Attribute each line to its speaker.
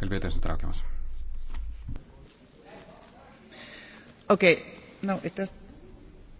Speaker 1: Kalbėtojas nutraukiamas.
Speaker 2: Okay. No, it does...